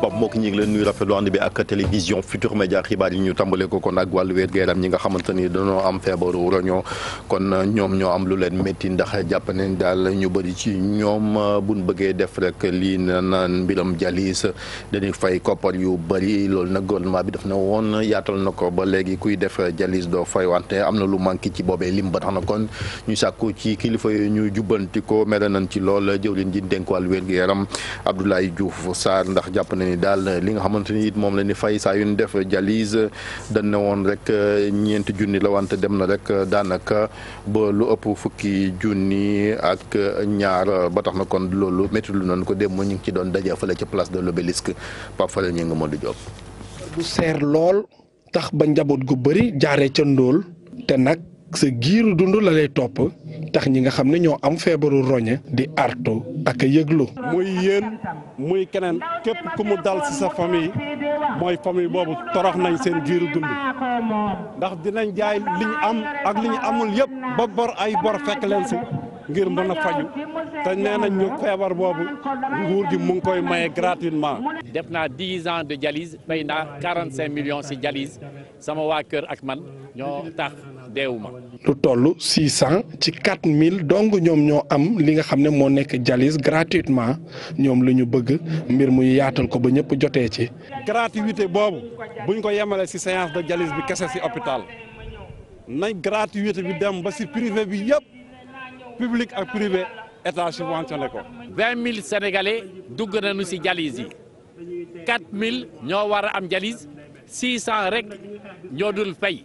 Pape Mok ñu ngi leen nuyu rafetlu ànd bi ak télévision Futur Média xibaar yi ñu tàmbale ko kon ak wàllu wér gu yaram ñi nga xamante ni am feebaru roñoo kon ñoom ñoo am lu leen métti ndax jàpp nañ daal ñu bëri ci ñoom bu buñ bëggee def rek lii na naan mbiram jalis dañuy fay koppar yu bëri loolu nag gouvernement bi daf na woon yaatal na ko ba léegi kuy def jalis doo fay wante am na lu manqué ci boobee lim ba tax na kon ñu sàkku ci kilifa yi ñu jubbanti nañ ci lool jëwriñ ji dénk wàllu wér gu yaram Abdoulaye Diouf Sarr ndax jàpp daal li nga xamante ni moom la ñu fay saa yu ñu def dialyse dañ ne woon rek ñeenti junni la wante dem na rek daanaka ba lu ëpp fukki junni ak ñaar ba tax na kon loolu métti lu noonu ko démb ñu ngi ci doon daje fële ca place de l'obélisque Pape Fale ñu ngi Modou Diop. bu seer lool tax ba njaboot gu bëri jaaree ca ndóol te nag. sa giiru dund la lay topp tax ñi nga xam ne ñoo am feebaru roñe di artu ak a yëglu muy yéen muy keneen képp ku mu dal ci sa famille mooy famille boobu torox nañ seen giiru dund ndax dinañ jaay li am ak li ñu amul yëpp ba bor ay bor fekk leen ci ngir mën a faju te nee nañ ñu feebar boobu nguur gi mu ngi koy maye gratuitement. def naa dix ans de dialyse fay naa quarante cinq millions ci dialyse sama waa kër ak man ñoo tax. deewuma lu toll six cent ci quatre mille dong ñoom ñoo am li nga xam ne moo nekk jalis gratuitement ñoom lu ñu bëgg mbir mu yaatal ko ba ñëpp jotee ci. gratuité boobu buñ ko yemalee ci séance de dialyse bi kese ci hôpital nañ gratuité bi dem ba ci privé bi yëpp public ak privé état subventionné ko. vingt mille sénégalais dugg nañu ci dialyse yi quatre mille ñoo war a am dialyse six cent rek ñoo dul fay.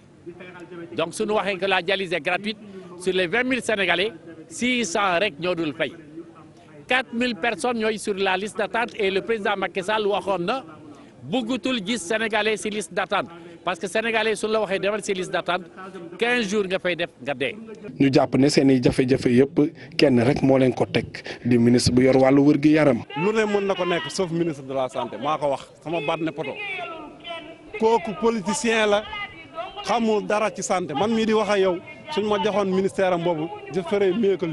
donc suñu waxee que la dialyse est gratuite sur les vingt mille sénégalais six cent rek ñoo dul fay mille personnes ñooy sur la liste d'attente et le président Macky Sall waxoon na bëggatul gis sénégalais si liste d'attente parce que sénégalais suñu la waxee demal si liste d'attente quinze jours nga fay def nga dee. ñu jàpp ne seen i jafe-jafe yëpp kenn rek moo leen ko teg di ministre bu yor wàllu wër gi yaram. lu ne mën na ko nekk sauf ministre de la santé maa ko wax sama baat ne poto kooku xamul dara ci santé man mii di wax a yow suñ ma joxoon ministère am boobu je ferai mieux que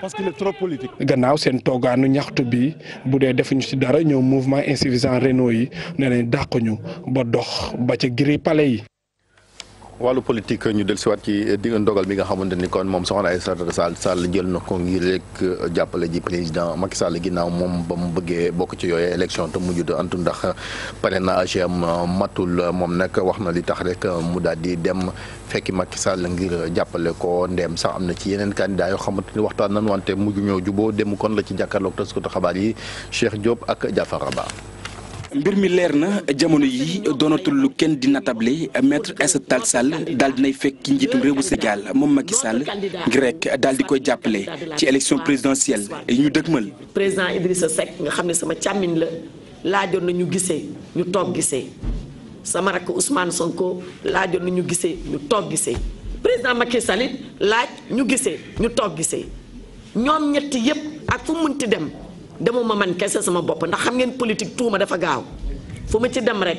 parce qu'il est trop politique. gannaaw seen toogaanu ñaxtu bi bu dee defuñu ci dara ñëw mouvement insuffisant rénaux yi ne nañ dàq ñu ba dox ba ca giri pale yi. wàllu politique ñu dellusiwaat ci di ndogal bi nga xamante ni kon moom soxna Aïssata Sall Sall jël na ko ngir rek euh, jàppale ji président Macky Sall ginnaaw moom ba mu bëggee bokk ci yooyu élection te mujj du antu ndax na am matul moom nag wax na li tax rek euh, mu daal di dem fekki Macky Sall ngir jàppale ko ndeem sax am na ci yeneen candidat yoo xamante ni waxtaan nan wante mujj ñoo juboo dem kon la ci jàkkaarloog taskatu xabaar yi Cheikh Diop ak Diafara Ba mbir mi leer na jamono yi doonatul lu kenn di natable maître Aïssata Tall Sall daal dinay fekk ki njiitum réewu Sénégal moom Macky Sall ngir rek daal di koy jàppale ci élection présidentielle yi ñu dëgmal. président Idrissa Seck nga xam ne sama càmmiñ la laajoon na ñu gisee ñu toog gisee sama rakk Ousmane Sonko laajoon na ñu gisee ñu toog gisee président Macky laaj ñu gisee ñu toog gisee ñoom ñetti yépp ak fu mu munti dem. demuma man kese sama bopp ndax xam ngeen politique tuuma dafa gaaw fu ma ci dem rek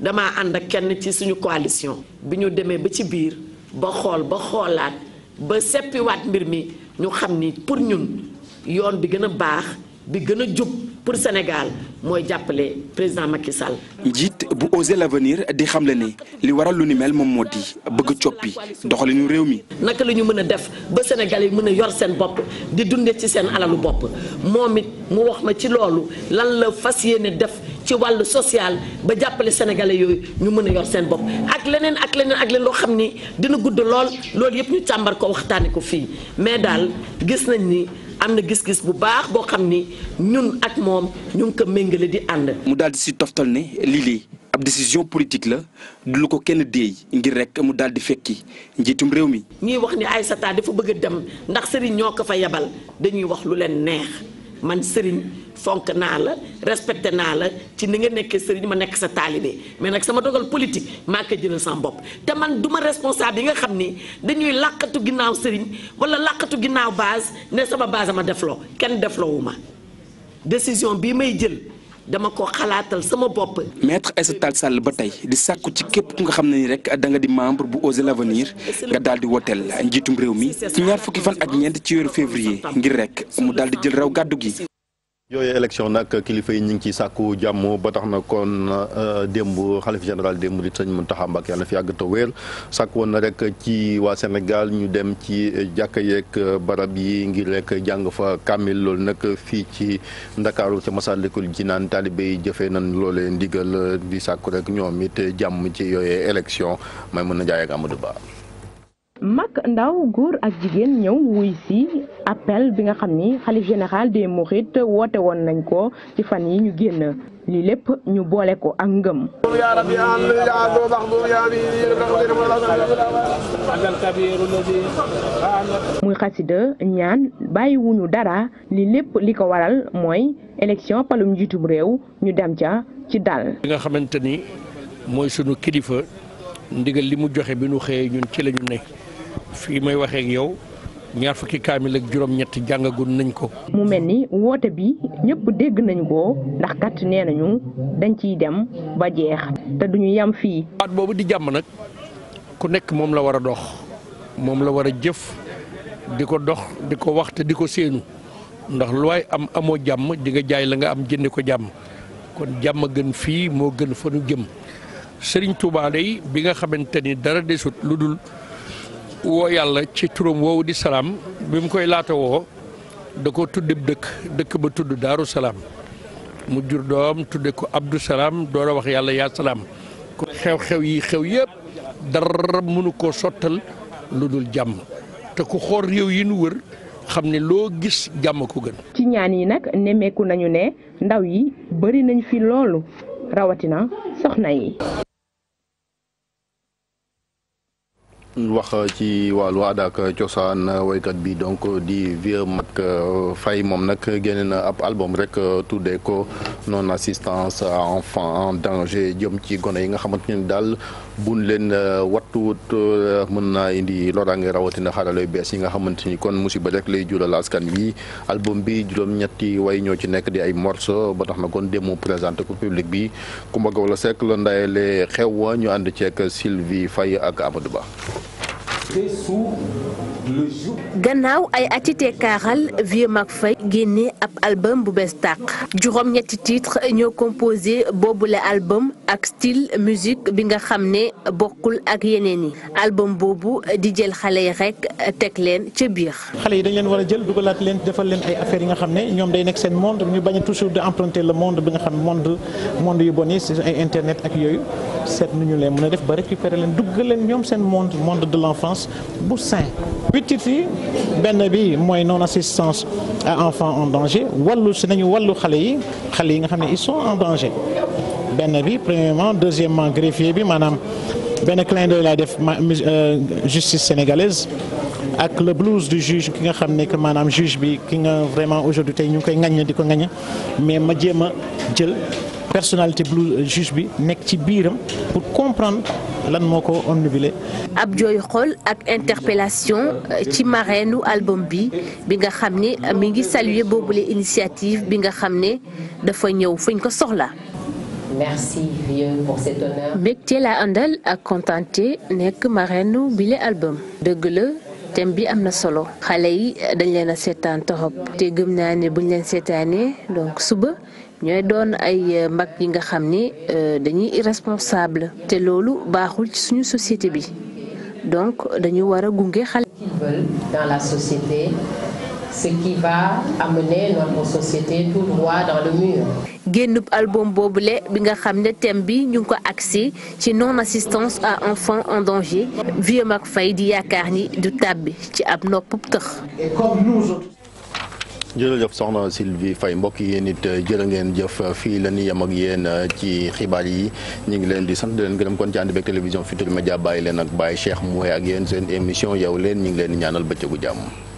damaa ànd ak kenn ci suñu coalition bi ñu demee ba ci biir ba xool ba xoolaat ba seppiwaat mbir mi ñu xam ni pour ñun yoon bi gën a baax bi gën a jub pour Sénégal mooy jàppale président Macky Sall. njiit bu Osez l'avenir di xam xamle ne li waral lu ni mel moom moo di bëgg coppi doxalinu réew mi. naka lañu mën a def ba Sénégal yi mën a yor seen bopp di dunde ci seen alalu bopp moom it mu wax ma ci loolu lan la fas yéene def. ci wàllu social ba jàppale sénégalais yooyu ñu mën a yor seen bopp ak leneen ak leneen ak leneen loo xam ni dina gudd lool loolu yëpp ñu càmbar ko waxtaane ko fii mais daal gis nañ ni am na gis-gis bu baax boo xam ni ñun ak moom ñu ngi ko méngale di ànd. mu daal di si toftal ne lii ab décision politique la du lu ko kenn déey ngir rek mu daal di fekki njiitum réew mi. ñuy wax ni ay sataa dafa bëgg a dem ndax sëriñ ñoo ko fa yebal dañuy wax lu leen neex. man sëriñ fonk naa la respecté naa la ci ni nga nekkee sëriñ ma nekk sa taalibe mais nag sama dogal politique maa koy jëlal sama bopp te man du ma responsable yi nga xam ni dañuy làqatu ginnaaw sëriñ wala làqatu ginnaaw base ne sama base ma defloo kenn defloowu ma décision bii may jël dama ko xalaatal sama bopp. maître Aïssata Sall ba tey di sàkku ci képp ku nga xam ne ni rek da nga di membre bu Osez l'Avenir nga daal di woteel njiitum réew mi ci ñaar fukki fan ak ñeent ci weeru février ngir rek mu daal di jël raw gàddu gi. yooyu élection nag kilifa yi ñu ngi ciy sàkku jàmm ba tax na kon euh, démb xalif général démb di sañ Mountakha Mbacké yàlla na fi yàgg te wér sàkk woon na rek ci waa Sénégal ñu dem ci jàkka yeeg barab yi ngir rek jàng fa kaamil loolu nag fii ci Ndakaaru ca Masaalikul Jinaan taalibe yi jëfee na loolee ndigal di sàkku rekk ñoom it jàmm ci yooyu élection may mën a jaay ak Amadou Ba. mag ndaw góor ak jigéen ñëw wuy si appel bi nga xam ni xalif général des mourides woote woon nañ ko ci fan yi ñu génn lii lépp ñu boole ko ak ngëm muy xasida ñaan bàyyiwuñu dara li lépp li ko waral mooy élection palum njiitum réew ñu dem ca ci dal bi nga xamante ni mooy sunu kilifa ndigal li mu joxe bi nu xëyee ñun ci lañu ne fii may waxee yow ñaar fukki kaamil ak juróom-ñett jàngagun nañ ko. mu mel ni woote bi ñëpp dégg nañ ko ndax kat nee nañu dañ ciy dem ba jeex te duñu yam fii. baat boobu di jàmm nag ku nekk moom la war a dox moom la war a jëf di ko dox di ko wax te di ko séenu ndax lu waay am amoo jàmm dinga jaay la nga am jëndi ko jàmm kon jàmm gën fii moo gën fa nu jëm Serigne Touba day bi nga xamante ni dara desut lu dul. woo yàlla ci turam woowu di salaam bi mu koy laata woo da ko tuddib dëkk dëkk ba tudd daaru salaam mu jur doom tudde ko abdou salaam door wax yàlla yaa salaam kon xew-xew yi xew yëpp dara mënu koo sottal lu dul jàmm te ku xool réew yi nu wër xam ni loo gis jàmm ko gën ci ñaan yi nag nemmeeku nañu ne ndaw yi bari nañ fi loolu rawatina soxna yi wax ci wàllu aada ak cosaan woykat bi donc di Vieux Mac euh, fay moom nag génne na ab album rek euh, tuddee ko non assistance à enfant en danger jëm ci gone yi nga xamante ne daal. buñ leen euh, wattuwut euh, mën naa indi loraange rawatina xarala yu bees yi nga xamante ni kon ba rek lay jural askan wi album bi juróom-ñetti way ñoo ci nekk di ay morso ba tax na kon démo présenté ko public bi Coumba Gawlo Seck la ndayalee xew wa ñu ànd ceeg Sylvie fay ak Amadou Ba. gannaaw ay atité kaaral Vieux Mac Faye génne ab album bu bees tàq juróom ñetti titre ñoo composé boobule album ak style musique bi nga xam ne bokkul ak yeneen yi album boobu di jël xale yi rek teg leen ca biir. xale yi dañ leen war a jël dugalaat leen defal leen ay affaires yi nga xam ne ñoom day nekk seen monde ñu bañ a toujours di emprunter le monde bi nga xam monde yu bon yi ay internet ak yooyu. seet nu ñu leen mën a def ba récupérer leen duggal ñoom seen monde monde de l'enfance bu sain huit fii benn bi mooy non assistance à enfants en danger wàllu si nañu wàllu xale yi xale yi nga xam ne ils sont en danger benn bi premièrement deuxièmement greffier bi maanaam benn clin d'œil la def euh, justice sénégalaise ak le blues du juge ki nga xam ne que maanaam juge bi ki nga aujourd'hui tey ñu ngi koy ŋaññ di ko ŋaññ mais ma jéem jël personnalité blues euh, juge bi nekk ci biiram pour comprendre lan moo ko obnubilé. ab jooy xool ak interpellation euh, ci mareenu album bi bi nga xam ne euh, mi ngi saluer boobule initiative bi nga xam ne dafa ñëw fuñ ko soxla. merci vieux pour cet honneur. nekk mareenu bile album. dëgg la. thème bi am na solo xale yi eh, dañ leen a seetaan torop te gëm naa ne buñ leen seetaanee donc suba ñooy doon ay eh, mbag yi nga xam ni eh, dañuy irresponsable te loolu baaxul ci suñu société bi donc dañu war a gunge xale. dans la société. ce qui va amener bi nga xam ne thème bi ñu ngi ko axé ci non assistance à enfants en danger Vieux Mac di yaakaar ni du tàbbi ci ab noppub tëx. jërëjëf soxna Sylvie Faye mbokk yi yéen it euh, jërë ngeen jëf euh, fi la ñuy yem ak yéen euh, ci xibaar yi ñu ngi leen di sant di leen gërëm kon ci ànd beeg télévision Futurs Médias bàyyi leen ak Baye Cheikh Moué ak yéen seen émission yow leen ñu ngi leen di ñaanal bëccëgu jàmm.